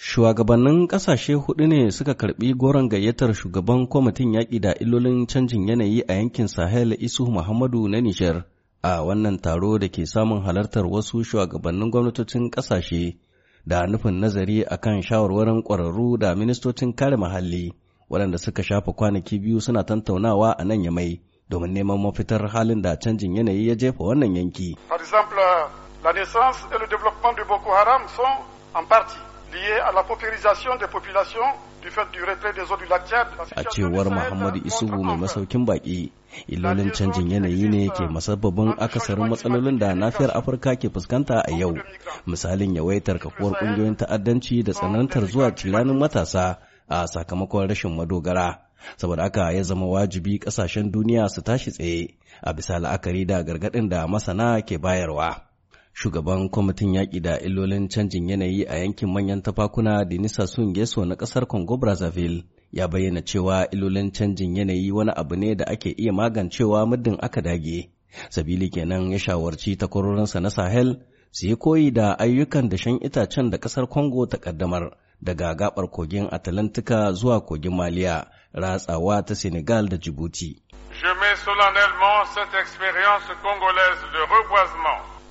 Shugabannin ƙasashe hudu ne suka karɓi goron gayyatar shugaban kwamitin yaƙi da illolin canjin yanayi a yankin Sahel Isu Muhammadu na Nijar a wannan taro da ke samun halartar wasu shugabannin gwamnatocin ƙasashe da nufin nazari a kan shawarwarin ƙwararru da ministocin kare muhalli waɗanda suka shafa kwanaki biyu suna tantaunawa a nan ya mai, domin neman mafitar halin da canjin yanayi ya jefa wannan yanki. Par exemple, la naissance et le développement Boko Haram sont en partie liée à la paupérisation des populations du fait du retrait des eaux du lac Tchad. A cewar Muhammadu Isubu mai masaukin baƙi, illolin canjin yanayi ne ke masababin akasarin matsalolin da nafiyar Afirka ke fuskanta a yau. Misalin yawaitar kafuwar ƙungiyoyin ta'addanci da tsanantar zuwa tunanin matasa a sakamakon rashin madogara. saboda haka ya zama wajibi kasashen duniya su tashi tsaye a bisa la'akari da gargaɗin da masana ke bayarwa. shugaban kwamitin yaƙi da illolin canjin yanayi a yankin manyan tafakuna Denisa sun geso na ƙasar Congo Brazzaville ya bayyana cewa illolin canjin yanayi wani abu ne da ake iya magancewa muddin aka dage. Sabili kenan ya shawarci takwarorinsa na Sahel su yi koyi da ayyukan dashen itacen da ƙasar Congo ta ƙaddamar daga gaɓar kogin Atalantika zuwa kogin Maliya, ratsawa ta Senegal da Djibouti. Je mets solennellement cette expérience congolaise de reboisement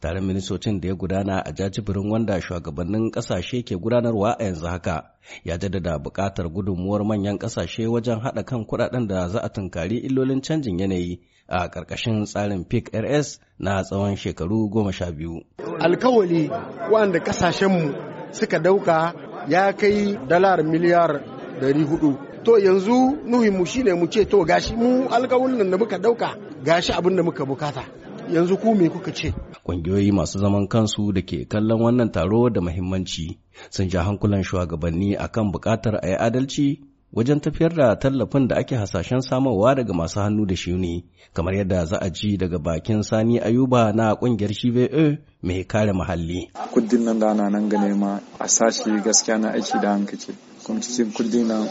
taron ministocin da ya gudana a jajibirin wanda shugabannin ƙasashe ke gudanarwa a yanzu haka ya jaddada buƙatar gudunmuwar manyan ƙasashe wajen haɗa kan kuɗaɗen da za a tunkari illolin canjin yanayi a ƙarƙashin tsarin pic rs na tsawon shekaru goma sha biyu alkawali wanda kasashenmu suka dauka ya kai dalar miliyar ɗari hudu to yanzu nuhinmu shine mu ce to gashi mu alkawalin da muka dauka gashi abin da muka bukata yanzu ku me kuka ce ƙungiyoyi masu zaman kansu da ke kallon wannan taro da muhimmanci sun ja hankulan shugabanni akan buƙatar a yi adalci wajen tafiyar da tallafin da ake hasashen samarwa daga masu hannu da shuni kamar yadda za a ji daga bakin sani ayuba na ƙungiyar shibe mai kare muhalli kudin nan da ana nan gane ma a sashi gaskiya na aiki da hankali kuma cikin kudin nan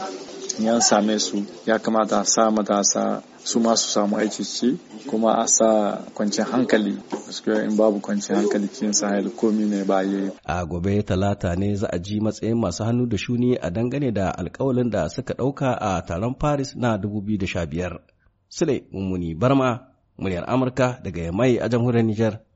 yan same su ya kamata a sa matasa su ma su samu aiki ci kuma a sa kwanciyar hankali in babu kwanciyar hankali cikin sahel komi ne ba yi a gobe talata ne za a ji matsayin masu hannu da shuni a dangane da alkawalin da suka dauka a taron paris na 2015 sule mummuni barma muryar amurka daga yamai a jamhuriyar niger